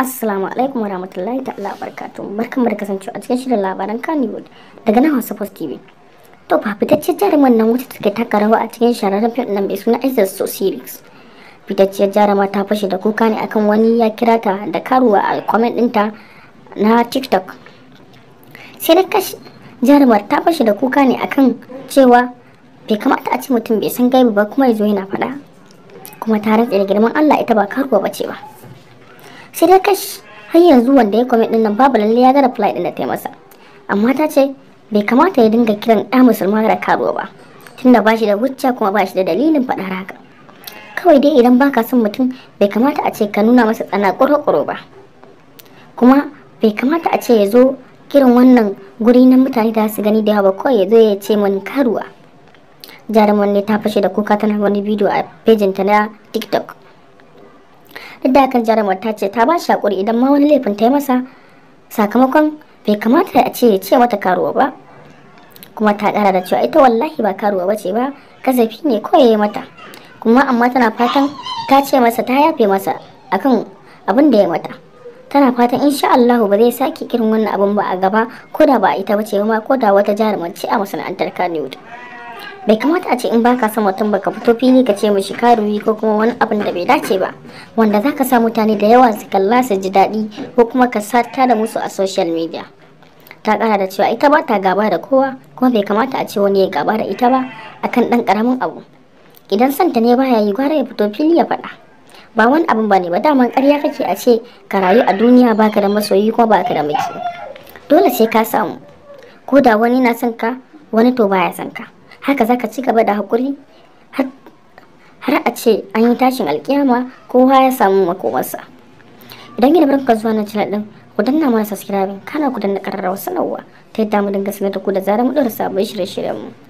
Assalamu alaikum warahmatullahi ta'ala barkatun barkanmu da kasancewa a cikin shirin labaran Kannywood daga nan Hausa Post TV. To ba fitacciyar jaruman nan wata take taka rawa a cikin shahararren fim nan mai suna Isis So Series. Fitacciyar jaruma ta fashe da kuka ne akan wani ya kira ta da karuwa a comment ɗinta na TikTok. Sai da kashi jarumar ta fashe da kuka ne akan cewa bai kamata a ce mutum bai san gaibi ba kuma yazo yana faɗa. Kuma ta rantse da girman Allah ita ba karuwa ba ce ba. sai dai kash har yanzu wanda ya kwamit din nan babu lalle ya gara flight din da ta masa amma ta ce bai kamata ya dinga kiran ɗa musulma da karo ba tunda ba shi da hujja kuma ba shi da dalilin faɗar haka kawai dai idan baka son mutum bai kamata a ce ka nuna masa tsana ƙoro ba kuma bai kamata a ce ya zo kiran wannan guri na mutane da su gani da yawa kawai ya zo ya ce mun karuwa jaruman ne ta fashe da kuka tana wani bidiyo a pejinta na tiktok duk da hakan jarumar ta ce ta ba shi hakuri idan ma wani laifin ta yi masa sakamakon bai kamata a ce ce mata karuwa ba kuma ta kara da cewa ita wallahi ba karuwa ba ce ba kasafi ne kawai ya yi mata kuma amma tana fatan ta ce masa ta yafe masa akan abin da ya mata tana fatan insha Allahu ba zai sake irin wannan abun ba a gaba ko da ba ita ba ce ma ko da wata jarumar ce a masana'antar Kannywood. bai kamata a ce in baka son mutum baka fito fili ka ce mishi karuwi ko kuma wani abin da bai dace ba wanda zaka sa mutane da yawa su kalla su ji daɗi ko kuma ka sata da musu a social media ta kara da cewa ita ba ta gaba da kowa kuma bai kamata a ce wani ya gaba da ita ba akan ɗan ƙaramin abu idan santa ne baya yi gwara ya fito fili ya faɗa ba wani abin ba ne ba daman ƙarya kake a ce ka rayu a duniya baka da masoyi kuma baka da miki dole sai ka samu ko da wani na son ka wani to baya son ka haka zaka ci gaba da hakuri har a ce an yi tashin alkiyama kowa ya samu makomarsa idan gina barka zuwa na channel din ku danna mana subscribe kana ku danna kararrawa sanarwa ta yadda mu dinga sanar da ku da zarar mu ɗora sabon shirye-shiryen mu